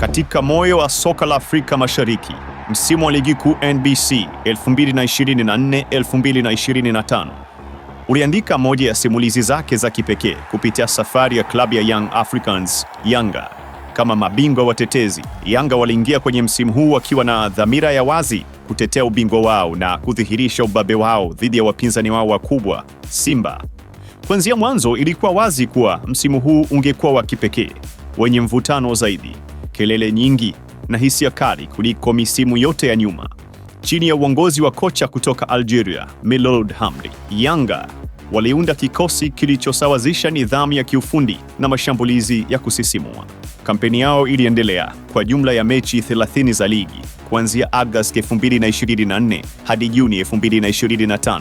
Katika moyo wa soka la Afrika Mashariki, msimu wa ligi kuu NBC 2024-2025 uliandika moja ya simulizi zake za kipekee kupitia safari ya klabu ya Young Africans Yanga. Kama mabingwa watetezi, Yanga waliingia kwenye msimu huu wakiwa na dhamira ya wazi kutetea ubingwa wao na kudhihirisha ubabe wao dhidi ya wapinzani wao wakubwa Simba. Kuanzia mwanzo, ilikuwa wazi kuwa msimu huu ungekuwa wa kipekee, wenye mvutano zaidi kelele nyingi na hisia kali kuliko misimu yote ya nyuma. Chini ya uongozi wa kocha kutoka Algeria, Miloud Hamdi, Yanga waliunda kikosi kilichosawazisha nidhamu ya kiufundi na mashambulizi ya kusisimua. Kampeni yao iliendelea kwa jumla ya mechi 30 za ligi kuanzia Agosti 2024 hadi Juni 2025.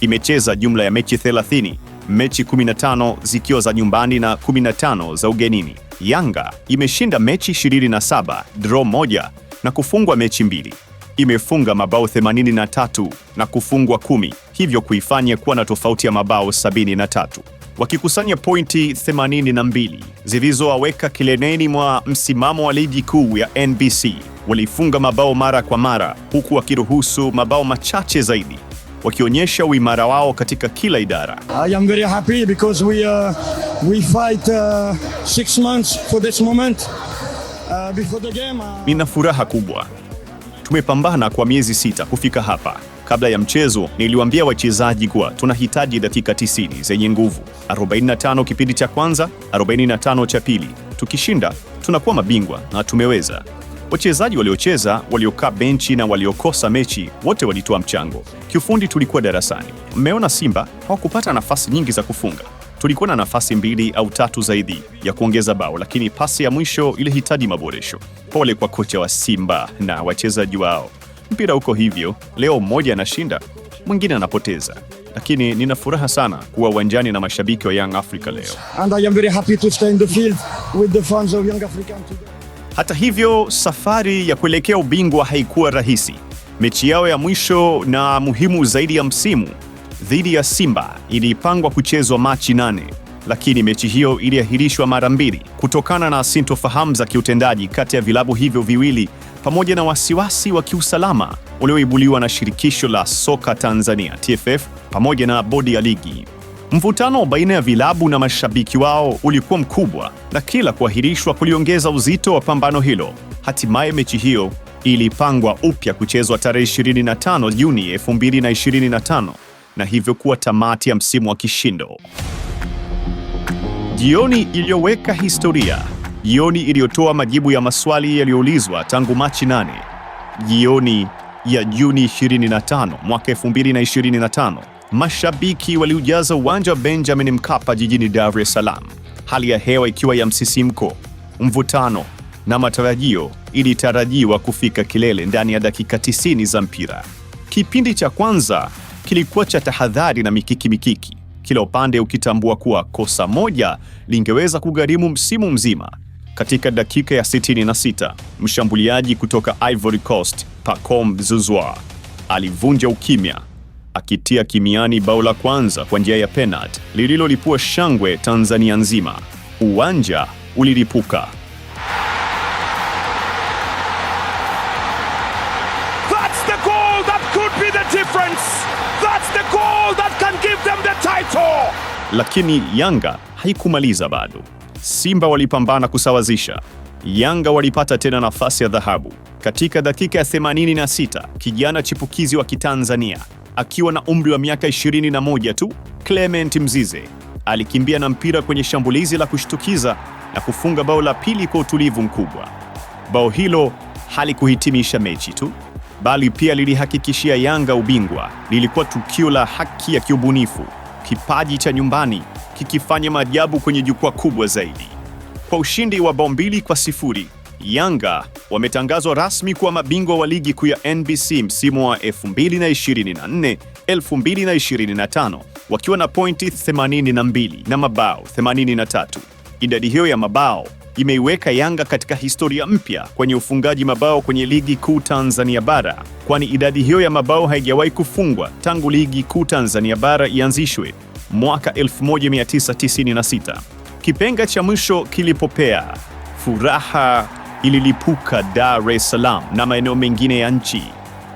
Imecheza jumla ya mechi 30 mechi 15 zikiwa za nyumbani na 15 za ugenini. Yanga imeshinda mechi 27, draw moja na kufungwa mechi mbili. Imefunga mabao 83 na kufungwa kumi, hivyo kuifanya kuwa na tofauti ya mabao 73 wakikusanya pointi 82 zilizowaweka kileleni mwa msimamo wa ligi kuu ya NBC. Walifunga mabao mara kwa mara huku wakiruhusu mabao machache zaidi wakionyesha uimara wao katika kila idara. I am very happy because we, uh, we fight, uh, six months for this moment. Uh, before the game, uh... Nina furaha kubwa. Tumepambana kwa miezi sita kufika hapa. Kabla ya mchezo niliwaambia wachezaji kuwa tunahitaji dakika 90 zenye nguvu, 45 kipindi cha kwanza, 45 cha pili. Tukishinda tunakuwa mabingwa na tumeweza. Wachezaji waliocheza, waliokaa benchi na waliokosa mechi wote walitoa mchango. Kiufundi tulikuwa darasani. Mmeona Simba hawakupata nafasi nyingi za kufunga. Tulikuwa na nafasi mbili au tatu zaidi ya kuongeza bao, lakini pasi ya mwisho ilihitaji maboresho. Pole kwa kocha wa Simba na wachezaji wao. Mpira uko hivyo, leo mmoja anashinda, mwingine anapoteza lakini nina furaha sana kuwa uwanjani na mashabiki wa Young Africa leo. And I am very happy to stay in the field with the fans of Young today. Hata hivyo, safari ya kuelekea ubingwa haikuwa rahisi. Mechi yao ya mwisho na muhimu zaidi ya msimu dhidi ya Simba ilipangwa kuchezwa Machi nane, lakini mechi hiyo iliahirishwa mara mbili kutokana na sintofahamu za kiutendaji kati ya vilabu hivyo viwili pamoja na wasiwasi wa kiusalama ulioibuliwa na shirikisho la soka Tanzania TFF pamoja na bodi ya ligi. Mvutano baina ya vilabu na mashabiki wao ulikuwa mkubwa na kila kuahirishwa kuliongeza uzito wa pambano hilo. Hatimaye mechi hiyo ilipangwa upya kuchezwa tarehe 25 Juni 2025 na hivyo kuwa tamati ya msimu wa kishindo. Jioni iliyoweka historia, jioni iliyotoa majibu ya maswali yaliyoulizwa tangu Machi 8, jioni ya Juni 25 mwaka 2025 mashabiki waliujaza uwanja wa Benjamin Mkapa jijini Dar es Salaam, hali ya hewa ikiwa ya msisimko, mvutano na matarajio ilitarajiwa kufika kilele ndani ya dakika 90 za mpira. Kipindi cha kwanza kilikuwa cha tahadhari na mikiki mikiki, kila upande ukitambua kuwa kosa moja lingeweza kugharimu msimu mzima. Katika dakika ya 66, mshambuliaji kutoka Ivory Coast Pacome Zouzoua alivunja ukimya akitia kimiani bao la kwanza kwa njia ya penalti lililolipua shangwe Tanzania nzima. Uwanja ulilipuka. Lakini Yanga haikumaliza bado. Simba walipambana kusawazisha. Yanga walipata tena nafasi ya dhahabu. Katika dakika ya 86, kijana chipukizi wa Kitanzania Akiwa na umri wa miaka 21 tu, Clement Mzize alikimbia na mpira kwenye shambulizi la kushtukiza na kufunga bao la pili kwa utulivu mkubwa. Bao hilo halikuhitimisha mechi tu, bali pia lilihakikishia Yanga ubingwa. Lilikuwa tukio la haki ya kiubunifu, kipaji cha nyumbani kikifanya maajabu kwenye jukwaa kubwa zaidi. Kwa ushindi wa bao mbili kwa sifuri Yanga wametangazwa rasmi kuwa mabingwa wa ligi kuu ya NBC msimu wa 2024 2025 wakiwa na pointi 82 na mabao 83. Idadi hiyo ya mabao imeiweka Yanga katika historia mpya kwenye ufungaji mabao kwenye ligi kuu Tanzania Bara, kwani idadi hiyo ya mabao haijawahi kufungwa tangu ligi kuu Tanzania Bara ianzishwe mwaka 1996. Kipenga cha mwisho kilipopea, furaha ililipuka Dar es Salaam na maeneo mengine ya nchi.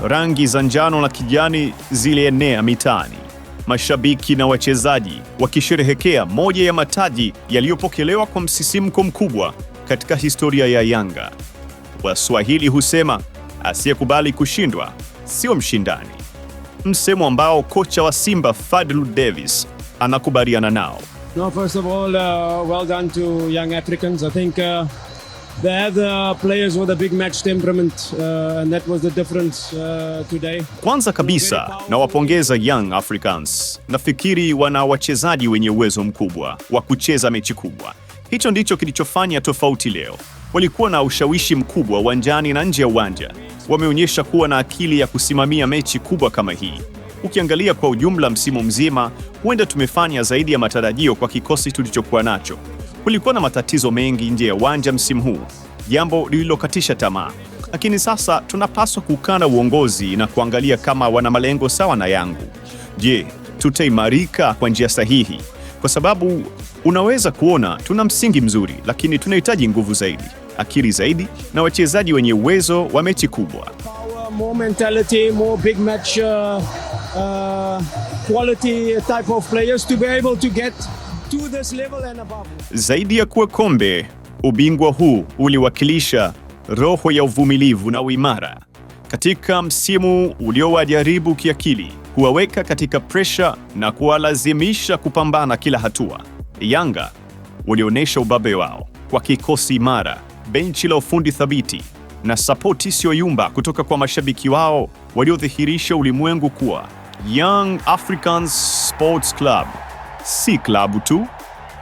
Rangi za njano na kijani zilienea mitaani, mashabiki na wachezaji wakisherehekea moja ya mataji yaliyopokelewa kwa msisimko mkubwa katika historia ya Yanga. Waswahili husema asiyekubali kushindwa sio mshindani, msemo ambao kocha wa Simba Fadlu Davis anakubaliana nao. No, first of all, uh, well done to young Africans. I think, uh the other players with a big match temperament uh, and that was the difference uh, today. Kwanza kabisa nawapongeza Young Africans. Nafikiri wana wachezaji wenye uwezo mkubwa wa kucheza mechi kubwa. Hicho ndicho kilichofanya tofauti leo. Walikuwa na ushawishi mkubwa uwanjani na nje ya uwanja. Wameonyesha kuwa na akili ya kusimamia mechi kubwa kama hii. Ukiangalia kwa ujumla msimu mzima, huenda tumefanya zaidi ya matarajio kwa kikosi tulichokuwa nacho. Kulikuwa na matatizo mengi nje ya uwanja msimu huu, jambo lililokatisha tamaa, lakini sasa tunapaswa kukana uongozi na kuangalia kama wana malengo sawa na yangu. Je, tutaimarika kwa njia sahihi? Kwa sababu unaweza kuona tuna msingi mzuri, lakini tunahitaji nguvu zaidi, akili zaidi, na wachezaji wenye uwezo wa mechi kubwa. Power, to this level and above. Zaidi ya kuwa kombe, ubingwa huu uliwakilisha roho ya uvumilivu na uimara katika msimu uliowajaribu kiakili, kuwaweka katika presha na kuwalazimisha kupambana kila hatua. Yanga walionyesha ubabe wao kwa kikosi imara, benchi la ufundi thabiti na sapoti isiyoyumba kutoka kwa mashabiki wao waliodhihirisha ulimwengu kuwa Young Africans Sports Club si klabu tu,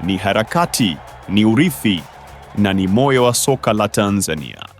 ni harakati, ni urithi na ni moyo wa soka la Tanzania.